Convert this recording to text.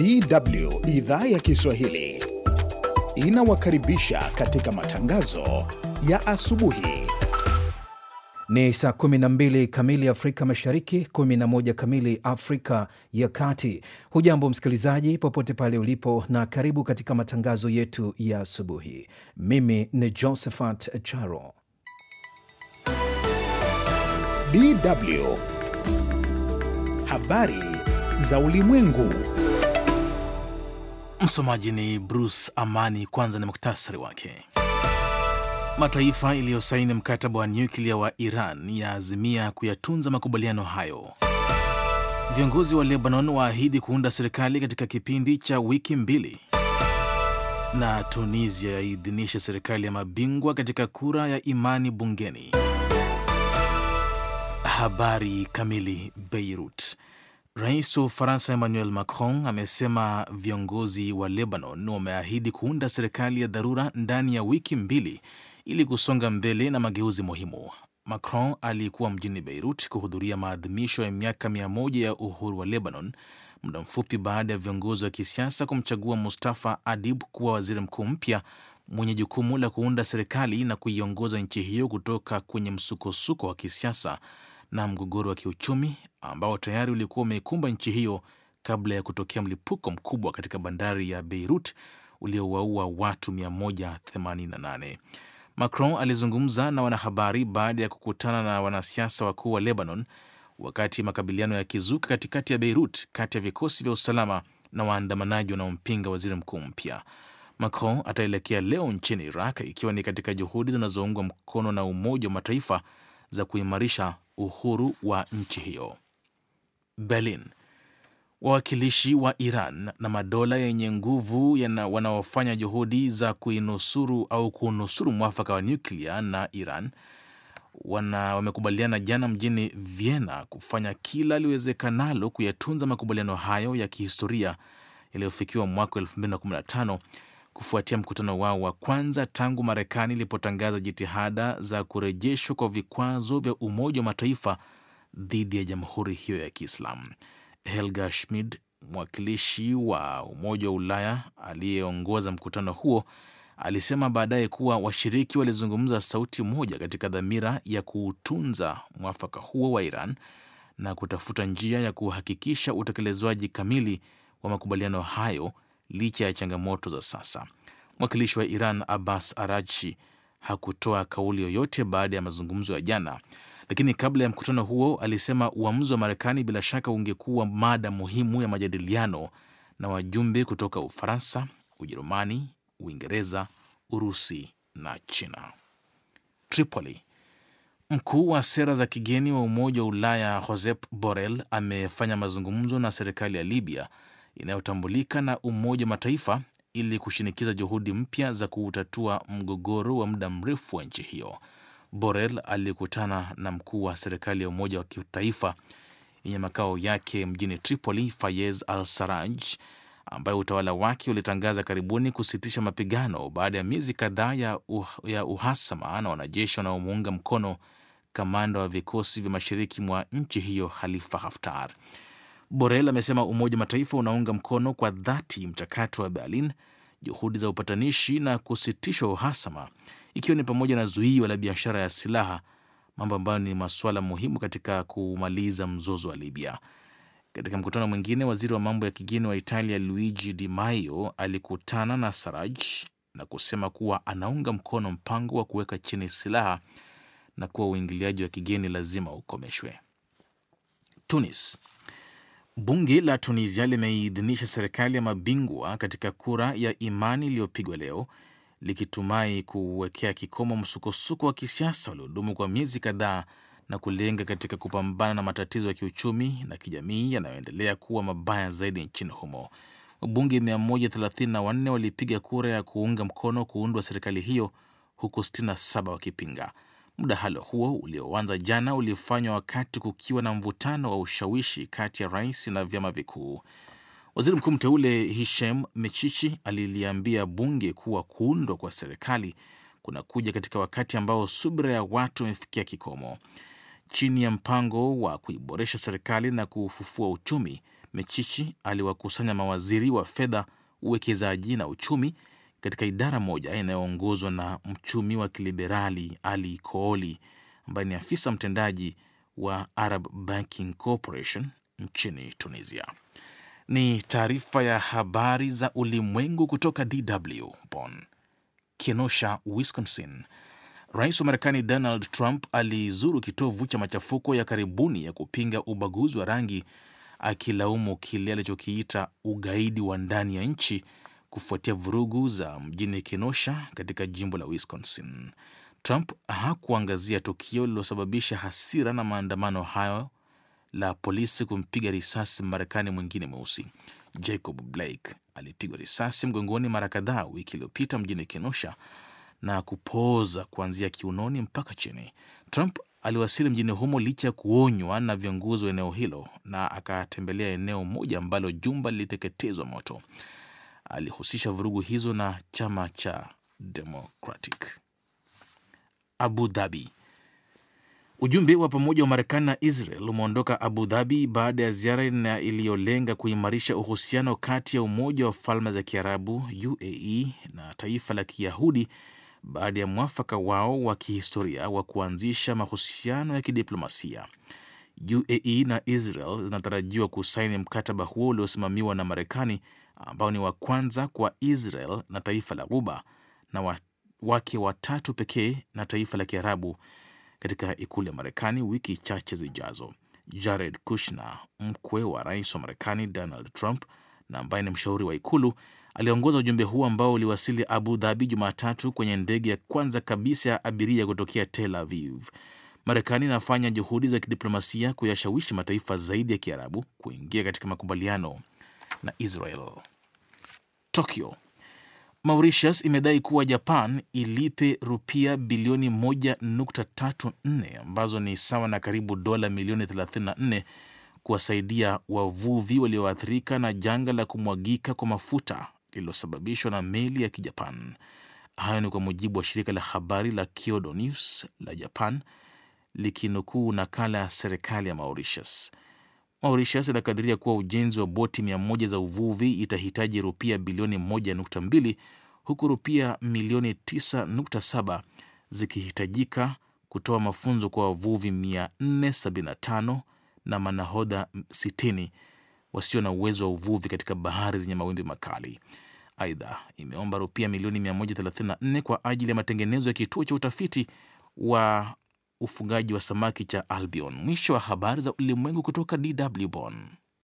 DW idhaa ya Kiswahili inawakaribisha katika matangazo ya asubuhi. Ni saa 12 kamili Afrika Mashariki, 11 kamili Afrika ya Kati. Hujambo msikilizaji, popote pale ulipo, na karibu katika matangazo yetu ya asubuhi. Mimi ni Josephat Charo. DW habari za ulimwengu Msomaji ni Bruce Amani. Kwanza ni muktasari wake. Mataifa iliyosaini mkataba wa nyuklia wa Iran yaazimia kuyatunza makubaliano hayo. Viongozi wa Lebanon waahidi kuunda serikali katika kipindi cha wiki mbili. Na Tunisia yaidhinisha serikali ya mabingwa katika kura ya imani bungeni. Habari kamili. Beirut Rais wa Ufaransa Emmanuel Macron amesema viongozi wa Lebanon wameahidi kuunda serikali ya dharura ndani ya wiki mbili ili kusonga mbele na mageuzi muhimu. Macron alikuwa mjini Beirut kuhudhuria maadhimisho ya miaka mia moja ya uhuru wa Lebanon muda mfupi baada ya viongozi wa kisiasa kumchagua Mustafa Adib kuwa waziri mkuu mpya mwenye jukumu la kuunda serikali na kuiongoza nchi hiyo kutoka kwenye msukosuko wa kisiasa na mgogoro wa kiuchumi ambao tayari ulikuwa umeikumba nchi hiyo kabla ya kutokea mlipuko mkubwa katika bandari ya Beirut uliowaua watu 188. Macron alizungumza na wanahabari baada ya kukutana na wanasiasa wakuu wa Lebanon wakati makabiliano yakizuka katikati ya Beirut kati ya vikosi vya usalama na waandamanaji wanaompinga waziri mkuu mpya. Macron ataelekea leo nchini Iraq ikiwa ni katika juhudi zinazoungwa mkono na Umoja wa Mataifa za kuimarisha uhuru wa nchi hiyo. Berlin. Wawakilishi wa Iran na madola yenye nguvu wanaofanya juhudi za kuinusuru au kunusuru mwafaka wa nyuklia na Iran wana wamekubaliana jana mjini Vienna kufanya kila liwezekanalo kuyatunza makubaliano hayo ya kihistoria yaliyofikiwa mwaka 2015 kufuatia mkutano wao wa kwanza tangu Marekani ilipotangaza jitihada za kurejeshwa kwa vikwazo vya Umoja wa Mataifa dhidi ya jamhuri hiyo ya Kiislamu. Helga Schmid, mwakilishi wa Umoja wa Ulaya aliyeongoza mkutano huo, alisema baadaye kuwa washiriki walizungumza sauti moja katika dhamira ya kuutunza mwafaka huo wa Iran na kutafuta njia ya kuhakikisha utekelezwaji kamili wa makubaliano hayo licha ya changamoto za sasa. Mwakilishi wa Iran Abbas Arachi hakutoa kauli yoyote baada ya mazungumzo ya jana, lakini kabla ya mkutano huo alisema uamuzi wa Marekani bila shaka ungekuwa mada muhimu ya majadiliano na wajumbe kutoka Ufaransa, Ujerumani, Uingereza, Urusi na China. Tripoli. Mkuu wa sera za kigeni wa Umoja wa Ulaya Josep Borrell amefanya mazungumzo na serikali ya Libya inayotambulika na Umoja wa Mataifa ili kushinikiza juhudi mpya za kuutatua mgogoro wa muda mrefu wa nchi hiyo. Borrell alikutana na mkuu wa serikali ya Umoja wa Kitaifa yenye makao yake mjini Tripoli, Fayez al-Sarraj, ambaye utawala wake ulitangaza karibuni kusitisha mapigano baada ya miezi kadhaa ya, uh, ya uhasama na wanajeshi wanaomuunga mkono kamanda wa vikosi vya mashariki mwa nchi hiyo Khalifa Haftar. Borrell amesema Umoja wa Mataifa unaunga mkono kwa dhati mchakato wa Berlin, juhudi za upatanishi na kusitishwa uhasama, ikiwa ni pamoja na zuio la biashara ya silaha, mambo ambayo ni masuala muhimu katika kumaliza mzozo wa Libya. Katika mkutano mwingine, waziri wa mambo ya kigeni wa Italia Luigi Di Maio alikutana na Saraj na kusema kuwa anaunga mkono mpango wa kuweka chini silaha na kuwa uingiliaji wa kigeni lazima ukomeshwe. Tunis Bunge la Tunisia limeiidhinisha serikali ya mabingwa katika kura ya imani iliyopigwa leo likitumai kuwekea kikomo msukosuko wa kisiasa uliodumu kwa miezi kadhaa na kulenga katika kupambana na matatizo ya kiuchumi na kijamii yanayoendelea kuwa mabaya zaidi nchini humo. Wabunge 134 walipiga kura ya kuunga mkono kuundwa serikali hiyo huku 67 wakipinga. Mdahalo huo ulioanza jana ulifanywa wakati kukiwa na mvutano wa ushawishi kati ya rais na vyama vikuu. Waziri mkuu mteule Hishem Mechichi aliliambia bunge kuwa kuundwa kwa serikali kunakuja katika wakati ambao subira ya watu imefikia kikomo. Chini ya mpango wa kuiboresha serikali na kufufua uchumi, Mechichi aliwakusanya mawaziri wa fedha, uwekezaji na uchumi katika idara moja inayoongozwa na mchumi wa kiliberali Ali Kooli ambaye ni afisa mtendaji wa Arab Banking Corporation nchini Tunisia. Ni taarifa ya habari za ulimwengu kutoka DW Bonn. Kenosha, Wisconsin. Rais wa Marekani Donald Trump alizuru kitovu cha machafuko ya karibuni ya kupinga ubaguzi wa rangi, akilaumu kile alichokiita ugaidi wa ndani ya nchi kufuatia vurugu za mjini Kenosha katika jimbo la Wisconsin. Trump hakuangazia tukio lililosababisha hasira na maandamano hayo la polisi kumpiga risasi Marekani mwingine mweusi. Jacob Blake alipigwa risasi mgongoni mara kadhaa wiki iliyopita mjini Kenosha na kupooza kuanzia kiunoni mpaka chini. Trump aliwasili mjini humo licha ya kuonywa na viongozi wa eneo hilo na akatembelea eneo moja ambalo jumba liliteketezwa moto alihusisha vurugu hizo na chama cha Democratic. Abu Dhabi. Ujumbe wa pamoja wa Marekani na Israel umeondoka Abu Dhabi baada ya ziara na iliyolenga kuimarisha uhusiano kati ya Umoja wa Falme za Kiarabu UAE na taifa la Kiyahudi baada ya mwafaka wao wa kihistoria wa kuanzisha mahusiano ya kidiplomasia. UAE na Israel zinatarajiwa kusaini mkataba huo uliosimamiwa na Marekani ambao ni wa kwanza kwa Israel na taifa la Ghuba na wa, wake watatu pekee na taifa la Kiarabu katika ikulu ya Marekani wiki chache zijazo. Jared Kushner, mkwe wa rais wa Marekani Donald Trump na ambaye ni mshauri wa ikulu, aliongoza ujumbe huu ambao uliwasili Abu Dhabi Jumatatu kwenye ndege ya kwanza kabisa ya abiria kutokea Tel Aviv. Marekani inafanya juhudi za kidiplomasia kuyashawishi mataifa zaidi ya Kiarabu kuingia katika makubaliano na Israel. Tokyo. Mauritius imedai kuwa Japan ilipe rupia bilioni 1.34 ambazo ni sawa na karibu dola milioni 34 kuwasaidia wavuvi walioathirika na janga la kumwagika kwa mafuta lililosababishwa na meli ya Kijapan. Hayo ni kwa mujibu wa shirika la habari la Kyodo News la Japan likinukuu nakala ya serikali ya Mauritius. Mauritius inakadiria kuwa ujenzi wa boti mia moja za uvuvi itahitaji rupia bilioni moja nukta mbili huku rupia milioni tisa nukta saba zikihitajika kutoa mafunzo kwa wavuvi 475 na manahodha 60 wasio na uwezo wa uvuvi katika bahari zenye mawimbi makali. Aidha, imeomba rupia milioni 134 kwa ajili ya matengenezo ya kituo cha utafiti wa ufugaji wa samaki cha Albion. Mwisho wa habari za ulimwengu kutoka DW Bonn.